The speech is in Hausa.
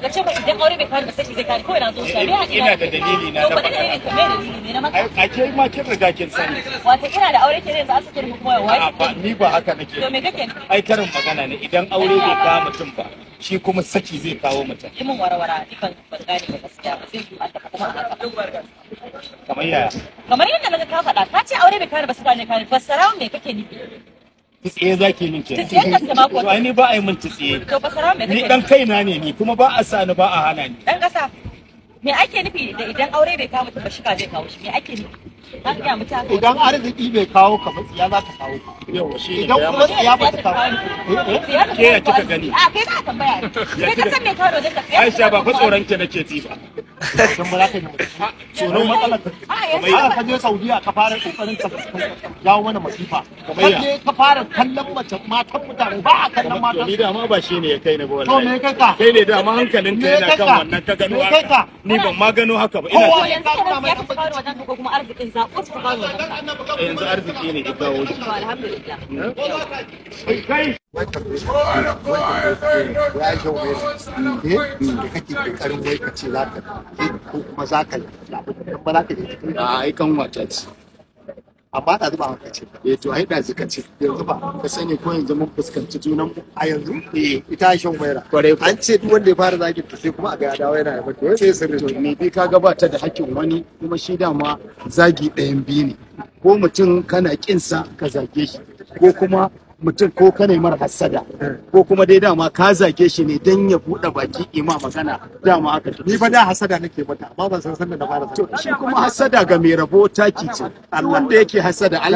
ga cewa idan aure bai faru ba sai da na ka me a sani da aure ni ba haka magana ne idan aure bai mutum ba shi kuma saki zai kawo mutum warawara gaskiya ba zai kamar yaya kamar yadda naga ka faɗa ka ce aure bai kare ba sai ka ne kare fassara me kake nufi tsiye za ki min kenan to ai ba ai min tsiye to fasara me ni dan kaina ne ni kuma ba a sani ba a hana ni dan kasa me ake nufi da idan aure bai kawo mutum ba zai kawo shi me ake nufi ka ga idan arziki bai kawo ka ba tsiya za ta kawo ka shi idan kuma tsiya ba eh, eh. ta kawo ke ya kika gani a ah, kai za ka tambaya kai ka san me kawo da ka Aisha ba fa tsoron ki nake ba don ba za ka yi tsoron matsalar ka saudiya ka fara kokarin ka mana masifa ka ka fara kallon mace matan mutane ba a kallon matan ni da ma ba shi ne ya kai ni ba wallahi to me kai kai ne da ma hankalin ka yana kan haka ni ma gano haka ba ina ko yanzu ka ka fara wajen ka kuma arzikin ka yanzu arziki ka kawo shi alhamdulillah hmm. kai wai ka wai ka ce za ka ko kuma za ka labin ba za ka je a ai kan wata ce amma da zuba maka ce eh to ai da zika ce yanzu ba ka sani ko yanzu mun fuskanci junan mu a yanzu eh ita shan waira an ce duk wanda ya fara zagin ta sai kuma a ga 'ya dawo yana yaba to sai sirri to ne dai ka gabata da hakkin wani kuma shi dama zagi ɗayan biyu ne ko mutum kana kinsa ka zage shi ko kuma mutum ko ka mara hassada ko kuma dai dama ka zage shi ne dan ya buɗe baki ima magana dama haka ni ba da hassada nake mata amma ban san sanda da fara to shi kuma hassada ga mai rabo taki ce wanda yake hassada